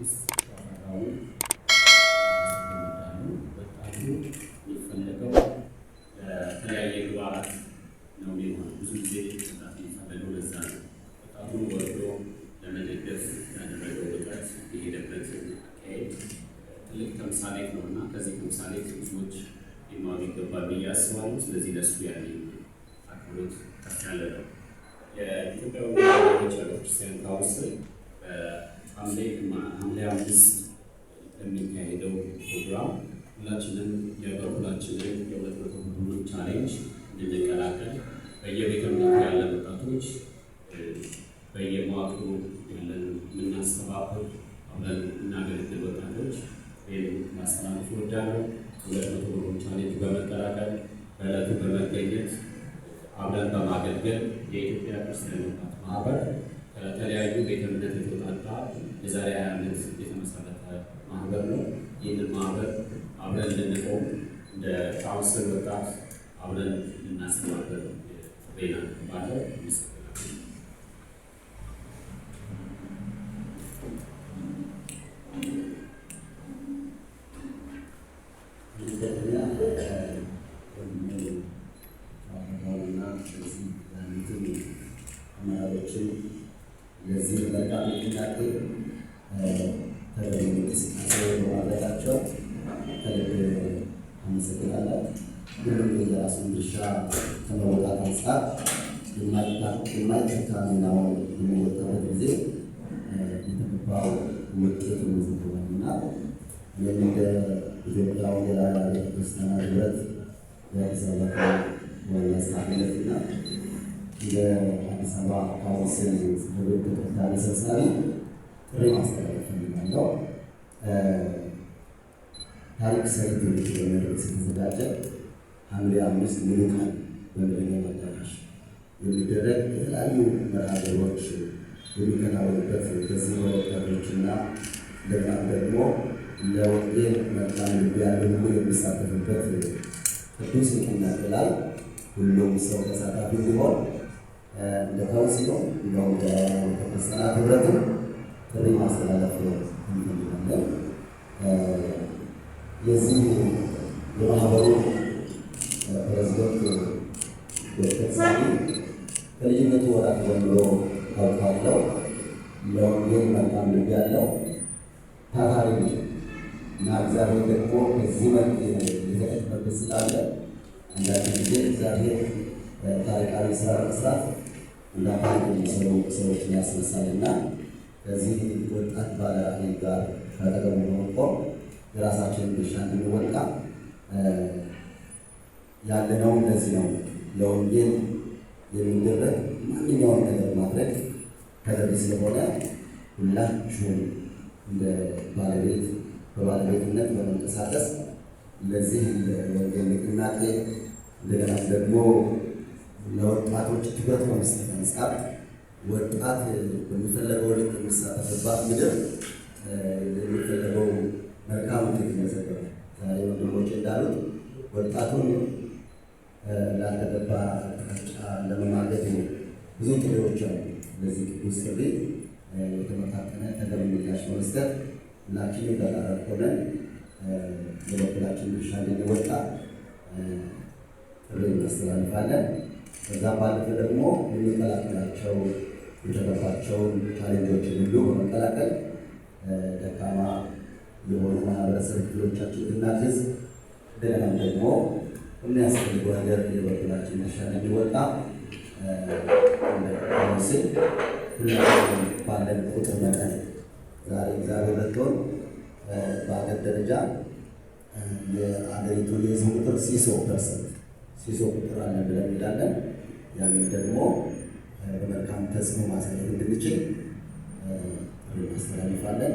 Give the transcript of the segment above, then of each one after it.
ቄስ ያፈራው ዳሉ ወጣቱ የሚፈለገው በተለያየ ግብዓት ነው የሚሆነው። ብዙ ጊዜ ወጣት የሚፈለገው ለዛ ነው። ወጣቱን ወርዶ ለመደገፍ ያደረገው እውቀት የሄደበት አካሄድ ትልቅ ተምሳሌት ነው እና ከዚህ ተምሳሌት ብዙዎች ሊማሩ ይገባል ብዬ አስባለሁ። ስለዚህ ለሱ አብረን እናገለግል ወጣቶች ይህን ማስተላለፍ እወዳለሁ። ሁለት መቶ ብሩን ቻሌንጅ በመቀላቀል በዕለቱ በመገኘት አብረን በማገልገል የኢትዮጵያ ክርስቲያን ወጣት ማህበር ከተለያዩ ቤተ እምነት የተወጣጣ የዛሬ ሀያ ዓመት የተመሰረተ ማህበር ነው። ይህንን ማህበር አብረን ልንቆም እንደ ካውንስል ወጣት አብረን ልናስተባበር ቤና ባለ አመሰግናለን። ሁሉም የራሱን ድርሻ ከመወጣት አንጻር የማይተካ ሚናውን የሚወጣበት ጊዜ የተገባው ውጤት እና ይህም እንደ ኢትዮጵያ ወንጌላውያን አብያተ ክርስቲያናት ኅብረት የተሰበከ ዋና ጸሐፊነትና እንደ አዲስ አበባ ካውንስል ጽሕፈት ቤት ተጠሪ ሰብሳቢ ጥሪ ማስተላለፍ እፈልጋለሁ። ታሪክ ሰርቶ በመድረክ ስለተዘጋጀ ሐምሌ አምስት ሙሉ በመደኛ በሚሊኒየም አዳራሽ የሚደረግ የተለያዩ መርሃ የሚከናወንበት የሚከናወኑበት በዚህ ወጣቶችና ለማን ደግሞ ለወንጌል መልካም ልብ ያለው ሁሉ የሚሳተፍበት ቅዱስ ንቅናቄ ላይ ሁሉም ሰው ተሳታፊ እንዲሆን እንደ ካውንስሉ እንደውም ቤተክርስቲያናት ህብረትም ጥሪ ማስተላለፍ እንፈልጋለን። የዚህ የማህበሩ ፕሬዚደንት ዶክተር ሳሚ ከልጅነቱ ወራት ጀምሮ ታውቃለው። ለወንጌል መልካም ልብ ያለው ታታሪ እና እግዚአብሔር ደግሞ በዚህ መልክ የተጠቀመበት ስላለ አንዳንድ ጊዜ እግዚአብሔር ታሪካዊ ስራ መስራት እንዳንድ የሚሰሩ ሰዎችን ያስነሳል እና ከዚህ ወጣት ባለ ጋር ካጠገቡ መቆም የራሳችንን ድርሻ እንድንወጣ ያለነው እንደዚህ ነው። ለወንጌል የሚደረግ ማንኛውም ነገር ማድረግ ተገቢ ስለሆነ ሁላችሁም እንደ ባለቤት በባለቤትነት በመንቀሳቀስ ለዚህ ወንጌል ንቅናቄ እንደገና ደግሞ ለወጣቶች ትኩረት በመስጠት አንጻር ወጣት በሚፈለገው ልክ የሚሳተፍባት ምድር የሚፈለገው መልካም ተገነዘበ። ዛሬ ወንድሞች እንዳሉት ወጣቱን ላለገባ አቅጣጫ ለመማገድ ብዙ ጥሪዎች አሉ። ለዚህ ቅዱስ ጥሪ የተመታጠነ ተገቢ ምላሽ በመስጠት ሁላችንም በጋራ ሆነን የበኩላችን ድርሻ እንድንወጣ ጥሪ እናስተላልፋለን። ከዛም ባለፈ ደግሞ የምንቀላቀላቸው የተገባቸውን ቻሌንጆችን ሁሉ በመቀላቀል ደካማ የሆኑ ማህበረሰብ ክፍሎቻችን እናግዝ። እንደገናም ደግሞ የሚያስፈልገው ነገር የበኩላችን ድርሻ እንዲወጣ ስል ሁላችን ባለን ቁጥር መጠን ዛሬ እግዚአብሔር ረድቶን በሀገር ደረጃ የአገሪቱ የህዝብ ቁጥር ሲሶ ፐርሰንት ሲሶ ቁጥር አለ ብለን እንሄዳለን። ያንን ደግሞ በመልካም ተጽዕኖ ማሳየት እንድንችል ማስተላልፋለን።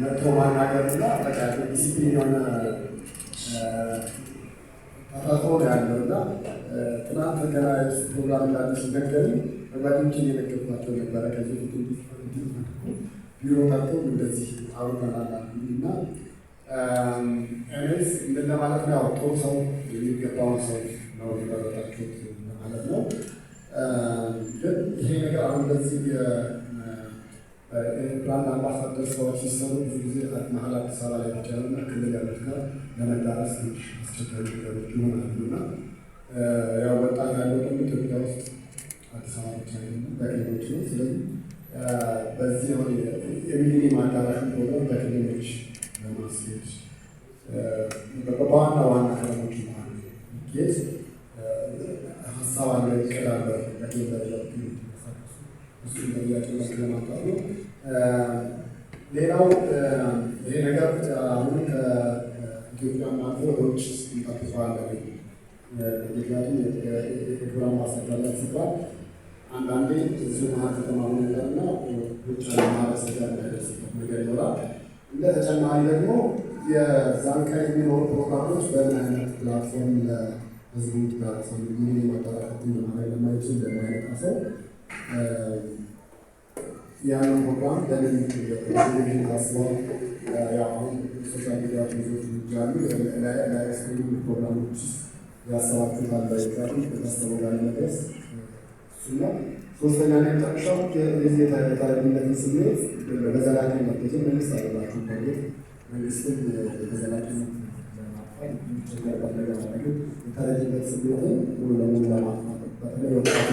መጥቶ ማናገርና በቃ ዲሲፕሊን የሆነ ተፈጥሮ ያለው እና ትናንት ገና ፕሮግራም እንዳለ ሲነገር በጓደኞቼ የነገርኳቸው ነበረ። ከዚህ ቢሮ መጥቶ እንደዚህ አውርተናል እና እኔስ እንደለ ነው። ያው ጥሩ ሰው የሚገባውን ሰው ነው የመረጣችሁት ማለት ነው። ግን ይሄ ነገር አሁን በዚህ በአንድ አምባሳደር ስራዎች ሲሰሩ ብዙ ጊዜ መሀል አዲስ አበባ ላይ ብቻ ነው ክልል ያሉት ጋር ለመዳረስ ትንሽ አስቸጋሪ ነገሮች ይሆናሉ እና ያው ወጣት ያለው ደግሞ ኢትዮጵያ ውስጥ አዲስ አበባ ብቻ በክልሎች ነው። ስለዚህ በዚህ ሆ የሚኒም አዳራሹ ፕሮግራም በክልሎች ለማስኬድ በዋና ዋና ከተሞች ማለት ጌት ሀሳብ አለ ይቀዳለ በክልል ደረጃ እሱን ለያቸው ስለማንጣት ነው። ሌላው ይሄ ነገር አሁን ከኢትዮጵያ ማለት ወደ ውጭ ምክንያቱም የፕሮግራም ማስተዳደር ሲባል አንዳንዴ እዚሁ መሀል ከተማ ነገርና ውጭ ማህበረሰብ ያለበት ነገር ይኖራል። እንደ ተጨማሪ ደግሞ የዛን የሚኖሩ ፕሮግራሞች በምን አይነት ፕላትፎርም ለህዝቡ ፕላትፎርም ምን ማጠራቀት ለማድረግ ለማይችል ለማይነቃ ሰው ያን ፕሮግራም ለምን ቴሌቪዥን ታስበው አሁን ሶሻል ሚዲያ ብዙዎች ይጃሉ ላይስክሪ ፕሮግራሞች ያሰባችሁት አላይቃሉ በታሰበው ላይ መድረስ ሶስተኛ ላይ ጠቅሻው የዚህ የታሪክነትን ስሜት በዘላቂ መገዜ መንግስት አለባችሁ ማለት መንግስትን በዘላቂ የሚቸገርበት ነገር ማድረግ የታሪክነት ስሜትን ሙሉ ለሙሉ ለማጥፋት በተለይ ወጣት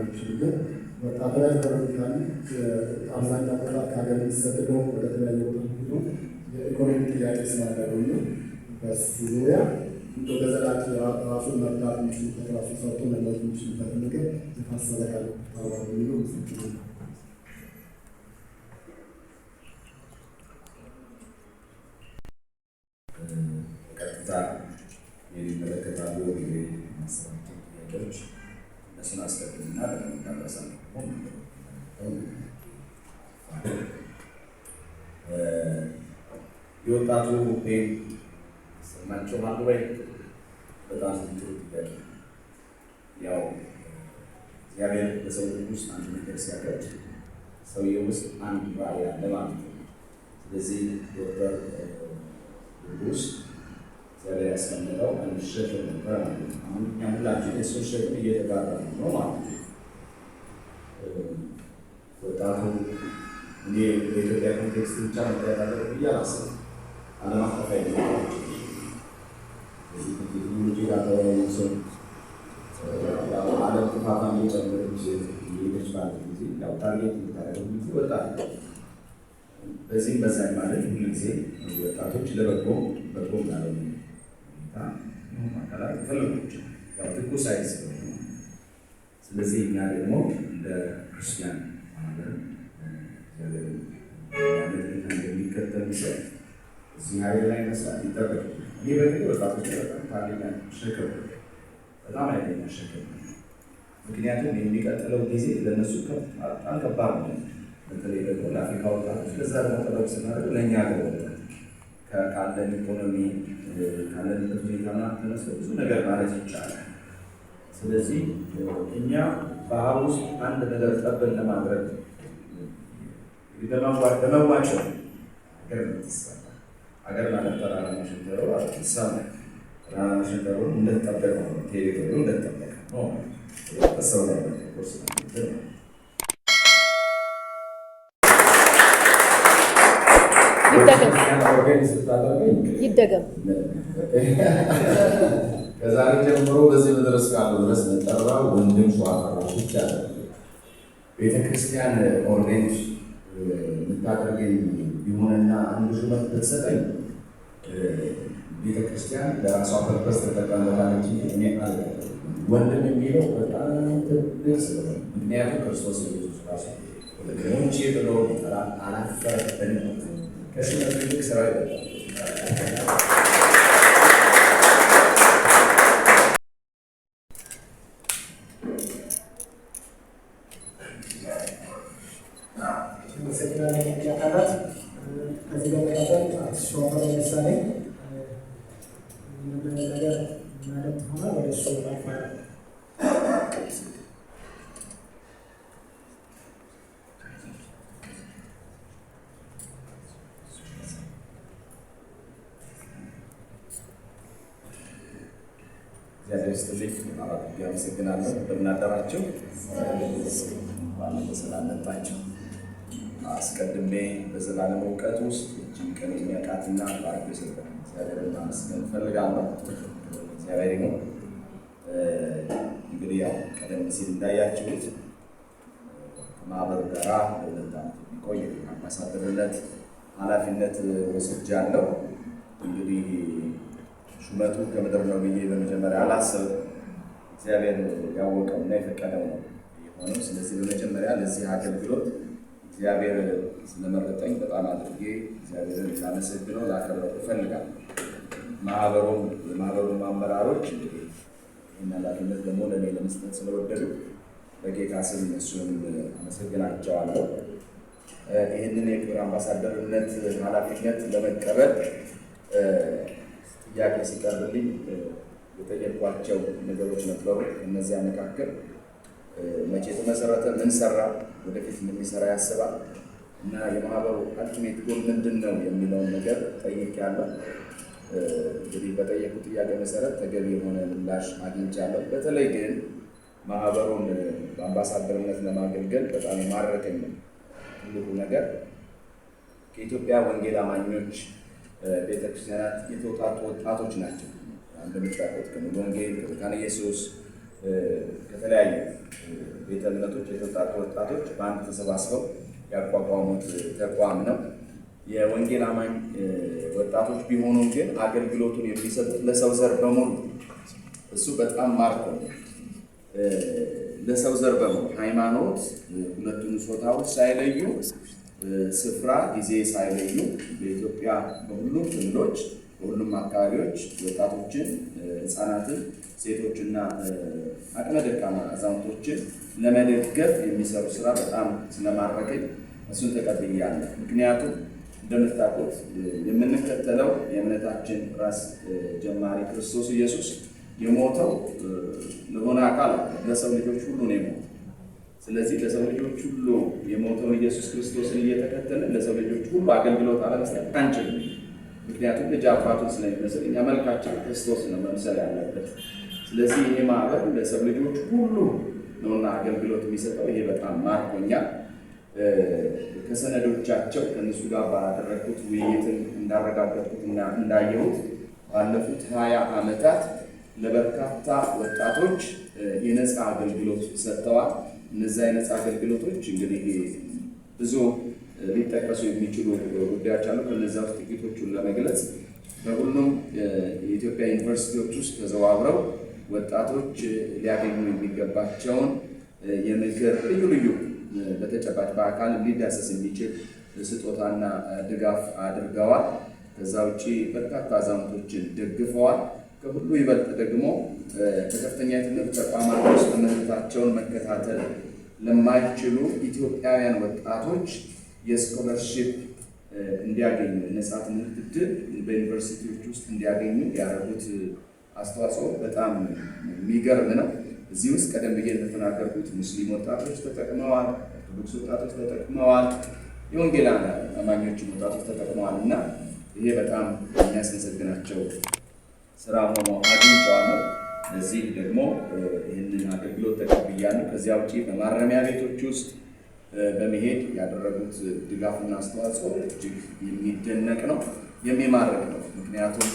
በሚችሉበት ወጣት ላይ ተረካል አብዛኛው ቦታ ከሀገር የሚሰደደው ወደ ተለያየ ቦታ ሄዶ የኢኮኖሚ ጥያቄ ስላደረው ነው። በሱ ዙሪያ በዘላቂ ራሱን መርዳት የሚችሉበት ራሱ ሰርቶ መለወጥ የሚችሉበት ነገር የታሰበ ያለ ታዋ የሚለው ምስክር ነው። ሰማቸው አንዱ ላይ በጣም ዝንቱ ያው እግዚአብሔር በሰው ውስጥ አንድ ነገር ሲያቀድ ሰውየው ውስጥ አንድ ባህሪ አለ ማለት ነው። ስለዚህ ዶክተር ንጉስ እግዚአብሔር ያስቀመጠው አንድ ሸክም ነበር ማለት ነው። አሁን እኛ ሁላችን የእሱን ሸክም እየተጋራ ነው ማለት ነው። ወጣቱ እኔ በኢትዮጵያ ኮንቴክስት ብቻ መታየት አለበት ብዬ አላስብም። ዓለም አቀፋዊ ቴክኖሎጂ ጋር ተያይዞ ዓለም ጥፋቷ እየጨመረች እየሄደች ባለ ጊዜ ያው ታርጌት የምታደርገው ጊዜ ወጣት በዚህም በዛም ማለት ሁሉ ጊዜ ወጣቶች ለበጎ በጎ ያለ ሁኔታ ማካላት ፈለጎች ያው ትኩስ ሳይንስ ስለዚህ እኛ ደግሞ እንደ ክርስቲያን ማህበር ያለ እንደሚከተል ይሰል እግዚአብሔር ላይ መስራት ይጠበቅ። ይህ በተለይ ወጣቶች በጣም ታሪኛ ሸክም በጣም አይለኛ ሸክም፣ ምክንያቱም የሚቀጥለው ጊዜ ለነሱ በጣም ከባድ ነው። በተለይ ደግሞ ለአፍሪካ ወጣቶች ለዛ ደግሞ ጥበብ ስናደርግ ለእኛ ገር ካለን ኢኮኖሚ ካለን ሁኔታና ተነስቶ ብዙ ነገር ማለት ይቻላል። ስለዚህ እኛ ባህር ውስጥ አንድ ነገር ጠበን ለማድረግ ለመዋቸው ነገር ነው ተስፋ አገር ማለት ተራራ መሸንተሩ አዲሳ ነው። ተራራ መሸንተሩ እንደተጠበቀ ነው። ቴሪቶሪ እንደተጠበቀ ነው። ሰው ላይ ኮርስ ይደገም። ከዛሬ ጀምሮ በዚህ መድረስ ካሉ ድረስ መጠራ ወንድም ሸዋፈራ ብቻ ቤተክርስቲያን ኦርዴንት የምታደርገኝ ቢሆንና አንድ ሹመት ብትሰጠኝ ቤተክርስቲያን ለራሷ ፐርፐስ ተጠቀምበታለች እኔ አለ ወንድም የሚለው በጣም ትልቅ ስለሆነ ምክንያቱም ክርስቶስ ኢየሱስ ራሱ ወንጭ ብሎ አላፈረ በንት ከሹመት ትልቅ ስራ ይበጣል Thank you. ప్రతిగత సోమరేశ్వరి ማመስገን እፈልጋለሁ። እግዚአብሔር ነው እንግዲህ ያው ቀደም ሲል እንዳያችሁት ከማህበሩ ጋራ ለሁለት ዓመት የሚቆይ አምባሳደርነት ኃላፊነት ወስጃለሁ። እንግዲህ ሹመቱ ከምድር ነው ብዬ በመጀመሪያ አላስብም። እግዚአብሔር ያወቀውና የፈቀደው ነው የሆነው። ስለዚህ በመጀመሪያ ለዚህ አገልግሎት እግዚአብሔር ስለመረጠኝ በጣም አድርጌ እግዚአብሔርን ላመሰግነው ላከብረው እፈልጋለሁ። ማህበሩም የማህበሩም አመራሮች እንግዲህ ይህን ደግሞ ለእኔ ለመስጠት ስለወደዱ በጌታ ስም እነሱን አመሰግናቸዋለሁ። ይህንን የክብር አምባሳደርነት ኃላፊነት ለመቀበል ጥያቄ ሲቀርብልኝ የጠየኳቸው ነገሮች ነበሩ። እነዚያ መካከል መቼ የተመሰረተ ምን ሰራ? ወደፊት እንደሚሰራ ያስባል እና የማህበሩ አልቲሜት ጎል ምንድን ነው የሚለውን ነገር ጠይቄያለሁ። እንግዲህ በጠየቁት ጥያቄ መሰረት ተገቢ የሆነ ምላሽ አግኝቻለሁ። በተለይ ግን ማህበሩን በአምባሳደርነት ለማገልገል በጣም የማረከኝ ትልቁ ነገር ከኢትዮጵያ ወንጌል አማኞች ቤተክርስቲያናት የተውጣጡ ወጣቶች ናቸው። እንደምታውቁት ከወንጌል ከቤታን ኢየሱስ ከተለያዩ ቤተ እምነቶች የተውጣጡ ወጣቶች በአንድ ተሰባስበው ያቋቋሙት ተቋም ነው። የወንጌል አማኝ ወጣቶች ቢሆኑ ግን አገልግሎቱን የሚሰጡት ለሰው ዘር በሙሉ እሱ በጣም ማርኮ ለሰው ዘር በሙሉ ሃይማኖት፣ ሁለቱን ሶታዎች ሳይለዩ ስፍራ፣ ጊዜ ሳይለዩ በኢትዮጵያ በሁሉም ክልሎች በሁሉም አካባቢዎች ወጣቶችን፣ ህፃናትን፣ ሴቶችና አቅመ ደካማ አዛውንቶችን ለመደገፍ የሚሰሩ ስራ በጣም ስለማረከኝ እሱን ተቀብያለሁ። ምክንያቱም እንደምታውቁት የምንከተለው የእምነታችን ራስ ጀማሪ ክርስቶስ ኢየሱስ የሞተው ለሆነ አካል ለሰው ልጆች ሁሉ ነው የሞተው። ስለዚህ ለሰው ልጆች ሁሉ የሞተውን ኢየሱስ ክርስቶስን እየተከተልን ለሰው ልጆች ሁሉ አገልግሎት አለመስጠት አንችልም። ምክንያቱም ልጅ አባቱን ስለሚመስል እኛ መልካችን ክርስቶስ ነው መምሰል ያለበት። ስለዚህ ይሄ ማህበር ለሰው ልጆች ሁሉ ነውና አገልግሎት የሚሰጠው ይሄ በጣም ማርኮኛል። ከሰነዶቻቸው ከእነሱ ጋር ባደረግኩት ውይይትን እንዳረጋገጥኩትና እንዳየሁት ባለፉት ሀያ ዓመታት ለበርካታ ወጣቶች የነፃ አገልግሎት ሰጥተዋል። እነዚያ የነፃ አገልግሎቶች እንግዲህ ብዙ ሊጠቀሱ የሚችሉ ጉዳዮች አሉ። ከነዚ ውስጥ ጥቂቶቹን ለመግለጽ በሁሉም የኢትዮጵያ ዩኒቨርሲቲዎች ውስጥ ተዘዋውረው ወጣቶች ሊያገኙ የሚገባቸውን የምክር ልዩ ልዩ በተጨባጭ በአካል ሊዳሰስ የሚችል ስጦታና ድጋፍ አድርገዋል። ከዛ ውጭ በርካታ አዛውንቶችን ደግፈዋል። ከሁሉ ይበልጥ ደግሞ ከከፍተኛ የትምህርት ተቋማት ውስጥ ትምህርታቸውን መከታተል ለማይችሉ ኢትዮጵያውያን ወጣቶች የስኮለርሽፕ እንዲያገኙ ነጻ ትምህርት እድል በዩኒቨርሲቲዎች ውስጥ እንዲያገኙ ያደረጉት አስተዋጽኦ በጣም የሚገርም ነው። እዚህ ውስጥ ቀደም ብዬ እንደተናገርኩት ሙስሊም ወጣቶች ተጠቅመዋል፣ ኦርቶዶክስ ወጣቶች ተጠቅመዋል፣ የወንጌላ አማኞች ወጣቶች ተጠቅመዋል እና ይሄ በጣም የሚያስመሰግናቸው ስራ ሆኖ አግኝቼዋለሁ። ለዚህ ደግሞ ይህንን አገልግሎት ተቀብያለሁ። ከዚያ ውጪ በማረሚያ ቤቶች ውስጥ በመሄድ ያደረጉት ድጋፍና አስተዋጽኦ እጅግ የሚደነቅ ነው፣ የሚማርክ ነው። ምክንያቱም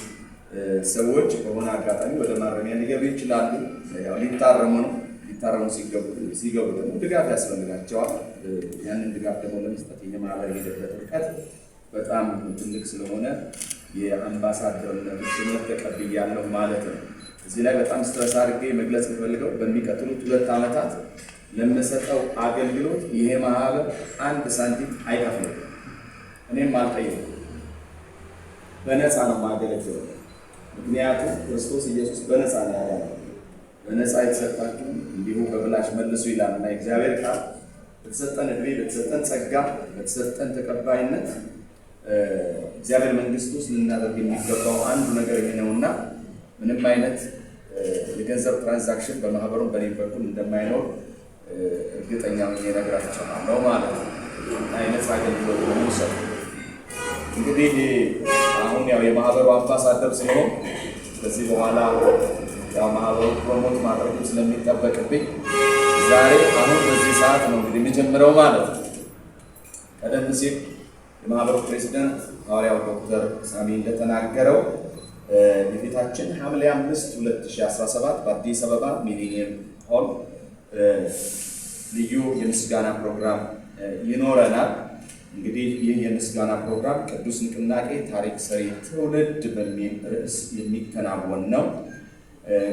ሰዎች በሆነ አጋጣሚ ወደ ማረሚያ ሊገቡ ይችላሉ። ሊታረሙ ነው። ሊታረሙ ሲገቡ ደግሞ ድጋፍ ያስፈልጋቸዋል። ያንን ድጋፍ ደግሞ ለመስጠት የማህበር ሄደበት ርቀት በጣም ትልቅ ስለሆነ የአምባሳደርነት ሹመት ተቀብያለሁ ማለት ነው። እዚህ ላይ በጣም ስትረስ አድርጌ መግለጽ የምፈልገው በሚቀጥሉት ሁለት ዓመታት ለምሰጠው አገልግሎት ይሄ ማህበር አንድ ሳንቲም አይከፍልም፣ እኔም አልጠየቅም። በነፃ ነው ማገለግለው ምክንያቱም ክርስቶስ ኢየሱስ በነፃ ነው ያዳነው። በነፃ የተሰጣችሁ እንዲሁ በብላሽ መልሱ ይላል እና እግዚአብሔር ቃል በተሰጠን እድሜ፣ በተሰጠን ጸጋ፣ በተሰጠን ተቀባይነት እግዚአብሔር መንግስት ውስጥ ልናደርግ የሚገባው አንዱ ነገር ይህ ነው እና ምንም አይነት የገንዘብ ትራንዛክሽን በማህበሩም በኔ በኩል እንደማይኖር እርግጠኛ ሆኜ እነግራቸዋለሁ ማለት ነው እና የነፃ አገልግሎት ነው ሰው እንግዲህ አሁን ያው የማህበሩ አምባሳደር ስለሆን ከዚህ በኋላ ያው ማህበሩ ፕሮሞት ማድረግ ስለሚጠበቅብኝ ዛሬ አሁን በዚህ ሰዓት ነው እንግዲህ የሚጀምረው ማለት ነው። ቀደም ሲል የማህበሩ ፕሬዚደንት ሐዋርያው ዶክተር ሳሚ እንደተናገረው የፊታችን ሐምሌ 5 2017 በአዲስ አበባ ሚሊኒየም ሆል ልዩ የምስጋና ፕሮግራም ይኖረናል። እንግዲህ ይህ የምስጋና ፕሮግራም ቅዱስ ንቅናቄ ታሪክ ሰሪ ትውልድ በሚል ርዕስ የሚከናወን ነው።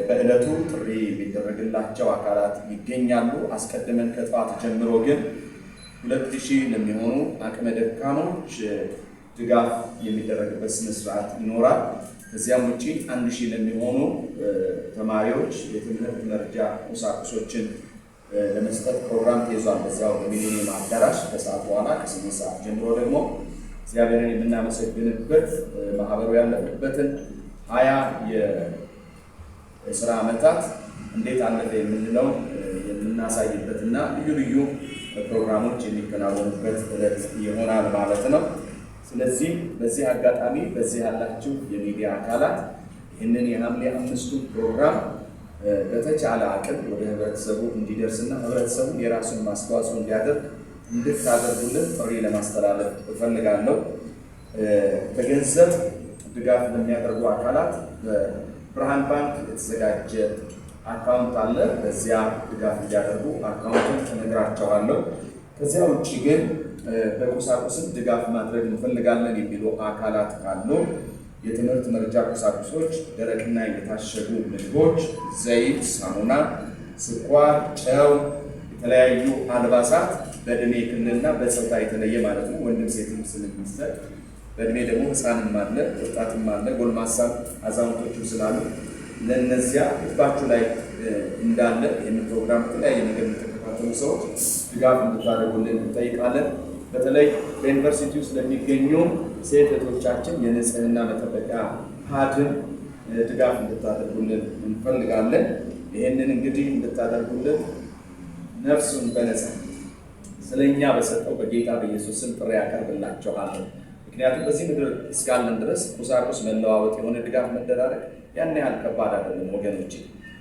በዕለቱ ጥሪ የሚደረግላቸው አካላት ይገኛሉ። አስቀድመን ከጠዋት ጀምሮ ግን ሁለት ሺህ ለሚሆኑ አቅመ ደካሞች ድጋፍ የሚደረግበት ስነስርዓት ይኖራል። ከዚያም ውጭ አንድ ሺህ ለሚሆኑ ተማሪዎች የትምህርት መርጃ ቁሳቁሶችን ለመስጠት ፕሮግራም ተይዟል። በዚያው በሚሊኒየም አዳራሽ ከሰዓት በኋላ ከስምንት ሰዓት ጀምሮ ደግሞ እግዚአብሔርን የምናመሰግንበት ማህበሩ ያለፍበትን ሀያ የስራ ዓመታት እንዴት አለፈ የምንለው የምናሳይበት እና ልዩ ልዩ ፕሮግራሞች የሚከናወኑበት ዕለት ይሆናል ማለት ነው። ስለዚህ በዚህ አጋጣሚ በዚህ ያላችሁ የሚዲያ አካላት ይህንን የሐምሌ አምስቱ ፕሮግራም በተቻለ አቅም ወደ ህብረተሰቡ እንዲደርስና ህብረተሰቡ የራሱን ማስተዋጽኦ እንዲያደርግ እንድታደርጉልን ጥሪ ለማስተላለፍ እፈልጋለሁ። በገንዘብ ድጋፍ ለሚያደርጉ አካላት በብርሃን ባንክ የተዘጋጀ አካውንት አለ። በዚያ ድጋፍ እንዲያደርጉ አካውንትን እነግራቸዋለሁ። ከዚያ ውጭ ግን በቁሳቁስም ድጋፍ ማድረግ እንፈልጋለን የሚሉ አካላት ካሉ የትምህርት መርጃ ቁሳቁሶች፣ ደረቅና የታሸጉ ምግቦች፣ ዘይት፣ ሳሙና፣ ስኳር፣ ጨው፣ የተለያዩ አልባሳት በእድሜ ክልልና በጾታ የተለየ ማለት ነው። ወንድም ሴትም ስለሚሰጥ በእድሜ ደግሞ ህፃንም አለ፣ ወጣትም አለ፣ ጎልማሳ አዛውንቶችም ስላሉ ለእነዚያ ህዝባችሁ ላይ እንዳለ ይህን ፕሮግራም የተለያየ ነገር የተከታተሉ ሰዎች ድጋፍ እንድታደርጉልን እንጠይቃለን። በተለይ በዩኒቨርሲቲ ውስጥ ለሚገኙ ሴት እህቶቻችን የንጽህና መጠበቂያ ፓድን ድጋፍ እንድታደርጉልን እንፈልጋለን። ይህንን እንግዲህ እንድታደርጉልን ነፍሱን በነጻ ስለኛ በሰጠው በጌታ በኢየሱስ ስም ጥሪ ምክንያቱም በዚህ ምድር እስካለን ድረስ ቁሳቁስ መለዋወጥ፣ የሆነ ድጋፍ መደራረግ ያን ያህል ከባድ አይደለም ወገኖች።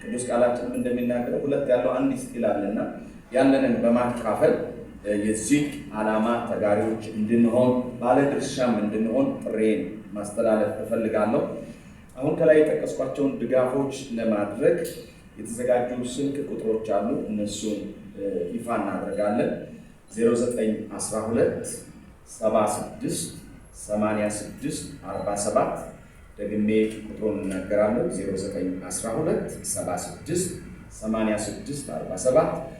ቅዱስ ቃላችንም እንደሚናገረው ሁለት ያለው አንድ ይስጥ ይላልና ያለንን በማካፈል የዚህ ዓላማ ተጋሪዎች እንድንሆን ባለድርሻም እንድንሆን ጥሬን ማስተላለፍ እፈልጋለሁ። አሁን ከላይ የጠቀስኳቸውን ድጋፎች ለማድረግ የተዘጋጁ ስልክ ቁጥሮች አሉ። እነሱን ይፋ እናደርጋለን። 0912 76 86 47 ደግሜ ቁጥሩን እናገራለን። 0912 76 86 47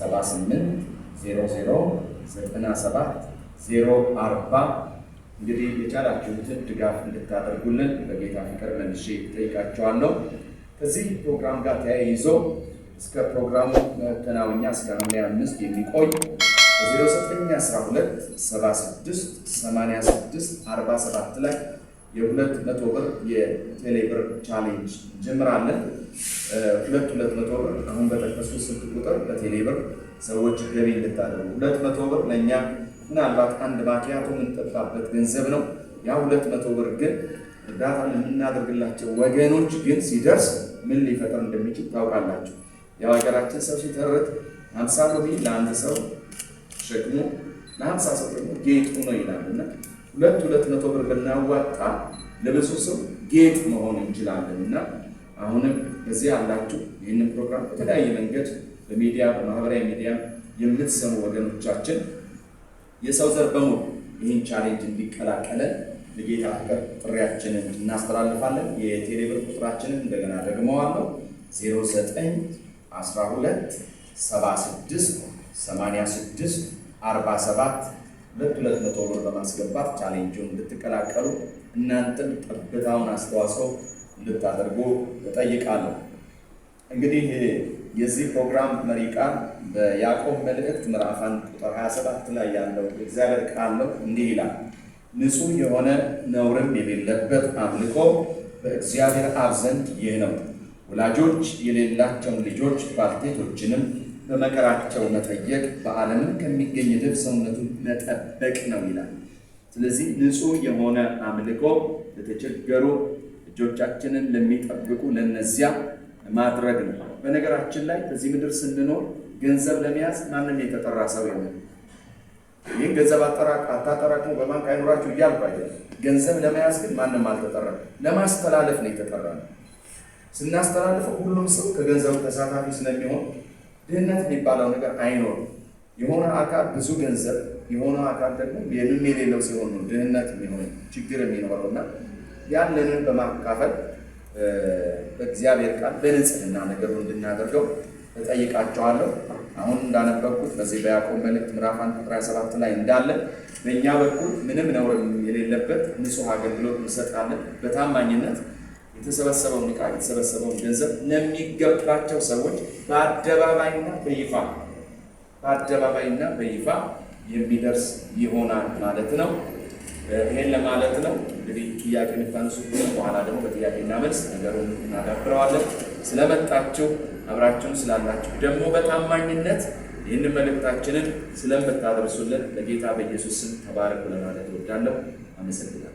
78 00 97 040 እንግዲህ የቻላችሁትን ድጋፍ እንድታደርጉልን በጌታ ፍቅር መልሼ ጠይቃችኋለሁ። ከዚህ ፕሮግራም ጋር ተያይዞ እስከ ፕሮግራሙ መተናወኛ እስከ ሐምሌ አምስት የሚቆይ በ0912 76 86 47 ላይ የሁለት መቶ ብር የቴሌ ብር ቻሌንጅ ጀምራለን። ሁለት ሁለት መቶ ብር አሁን በጠቀሱ ስልክ ቁጥር በቴሌ ብር ሰዎች ገቢ እንድታደርጉ ሁለት መቶ ብር ለእኛ ምናልባት አንድ ማኪያቶ የምንጠጣበት ገንዘብ ነው። ያ ሁለት መቶ ብር ግን እርዳታ ለምናደርግላቸው ወገኖች ግን ሲደርስ ምን ሊፈጠር እንደሚችል ታውቃላችሁ። ያው ሀገራችን ሰው ሲተርት ሀምሳ ሮቢ ለአንድ ሰው ሸክሞ ለሀምሳ ሰው ደግሞ ጌጡ ነው ይላል እና ሁለት ሁለት መቶ ብር ብናዋጣ ለብዙ ሰው ጌጥ መሆን እንችላለን እና አሁንም እዚህ አላችሁ ይህንን ፕሮግራም በተለያየ መንገድ በሚዲያ በማህበራዊ ሚዲያ የምትሰሙ ወገኖቻችን የሰው ዘር በሙሉ ይህን ቻሌንጅ እንዲቀላቀለን ለጌታ ፍቅር ጥሪያችንን እናስተላልፋለን። የቴሌብር ቁጥራችንን እንደገና ደግመዋለሁ 0912 76 86 47 ሁለት ሁለት መቶ ብር በማስገባት ቻሌንጁን እንድትቀላቀሉ እናንተም ጠብታውን አስተዋጽኦ እንድታደርጉ እጠይቃለሁ። እንግዲህ የዚህ ፕሮግራም መሪ ቃል በያዕቆብ መልእክት ምዕራፍ አንድ ቁጥር 27 ላይ ያለው እግዚአብሔር ቃል ነው። እንዲህ ይላል፣ ንጹሕ የሆነ ነውርም የሌለበት አምልኮ በእግዚአብሔር አብ ዘንድ ይህ ነው፣ ወላጆች የሌላቸውን ልጆች ባልቴቶችንም በመከራቸው መጠየቅ በአለምን ከሚገኝ ድብ ሰውነቱን መጠበቅ ነው ይላል። ስለዚህ ንጹህ የሆነ አምልኮ ለተቸገሩ እጆቻችንን ለሚጠብቁ ለነዚያ ማድረግ ነው። በነገራችን ላይ በዚህ ምድር ስንኖር ገንዘብ ለመያዝ ማንም የተጠራ ሰው የለም። ይህን ገንዘብ አታጠራቅሙ በባንክ አይኖራችሁ እያልኩ ገንዘብ ለመያዝ ግን ማንም አልተጠራም። ለማስተላለፍ ነው የተጠራ ነው። ስናስተላልፈው ሁሉም ሰው ከገንዘቡ ተሳታፊ ስለሚሆን ድህነት የሚባለው ነገር አይኖርም። የሆነ አካል ብዙ ገንዘብ፣ የሆነ አካል ደግሞ ምንም የሌለው ሲሆን ነው ድህነት የሚሆን ችግር የሚኖረው እና ያለንን በማካፈል በእግዚአብሔር ቃል በንጽህና ነገሩ እንድናደርገው እጠይቃቸዋለሁ። አሁን እንዳነበብኩት በዚህ በያዕቆብ መልእክት ምዕራፍ አንድ ቁጥር ሰባት ላይ እንዳለ በእኛ በኩል ምንም ነውር የሌለበት ንጹህ አገልግሎት እንሰጣለን በታማኝነት የተሰበሰበውን ዕቃ የተሰበሰበውን ገንዘብ ለሚገባቸው ሰዎች በአደባባይና በይፋ በአደባባይና በይፋ የሚደርስ ይሆናል ማለት ነው። ይህን ለማለት ነው እንግዲህ ጥያቄ የምታነሱ በኋላ ደግሞ በጥያቄና መልስ ነገሩን እናዳብረዋለን። ስለመጣችሁ አብራችሁን ስላላችሁ ደግሞ በታማኝነት ይህንን መልእክታችንን ስለምታደርሱልን ለጌታ በኢየሱስ ስም ተባረኩ ለማለት እወዳለሁ። አመሰግናለሁ።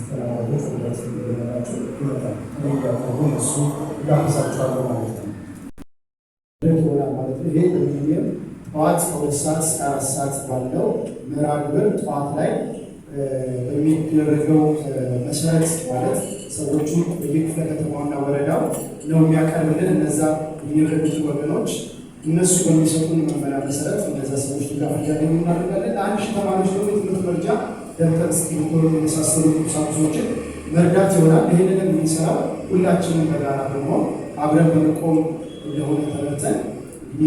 ጠዋት ከሁለት ሰዓት እስከ አራት ሰዓት ባለው ምዕራብ ግብር ጠዋት ላይ በሚደረገው መሰረት ማለት ሰዎቹ በየክፍለ ከተማና ወረዳው ነው የሚያቀርብልን። እነዛ የሚረዱት ወገኖች እነሱ በሚሰጡን መመሪያ መሰረት እነዛ ሰዎች ድጋፍ እያገኙ እናደርጋለን። ለአንድ ሺህ ተማሪዎች ደግሞ የትምህርት መርጃ ደብተር፣ እስክሪብቶ የመሳሰሉ ቁሳቁሶችን መርዳት ይሆናል። ይህንን ነገር የሚሰራው ሁላችንም በጋራ በመሆን አብረን በመቆም እንደሆነ ተረተን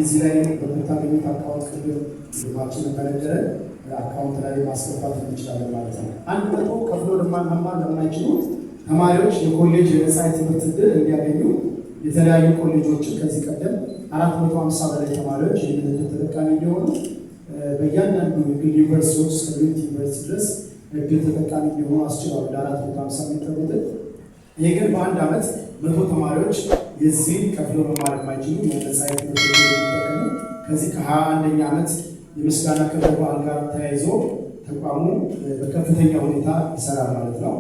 እዚህ ላይ በምታገኙት አካውንት ክፍል ግባችን ተነገረ አካውንት ላይ ማስገባት እንችላለን ማለት ነው። አንድ መቶ ከፍሎ መማር ለማይችሉት ተማሪዎች የኮሌጅ የነጻ ትምህርት ዕድል እንዲያገኙ የተለያዩ ኮሌጆችን ከዚህ ቀደም አራት መቶ ሀምሳ በላይ ተማሪዎች ይህንን ተጠቃሚ እንዲሆኑ በእያንዳንዱ የግል ዩኒቨርሲቲዎች እስከ ዩኒቨርሲቲ ድረስ እድል ተጠቃሚ እንዲሆኑ አስችሏል። ለአራት ቦታ አምሳ የሚጠሩትን ይህ ግን በአንድ ዓመት መቶ ተማሪዎች የዚህን ከፍሎ መማር የማይችሉ የነፃ ትምህርት የሚጠቀሙ ከዚህ ከሀያ አንደኛ ዓመት የምስጋና ክብረ በዓል ጋር ተያይዞ ተቋሙ በከፍተኛ ሁኔታ ይሰራል ማለት ነው።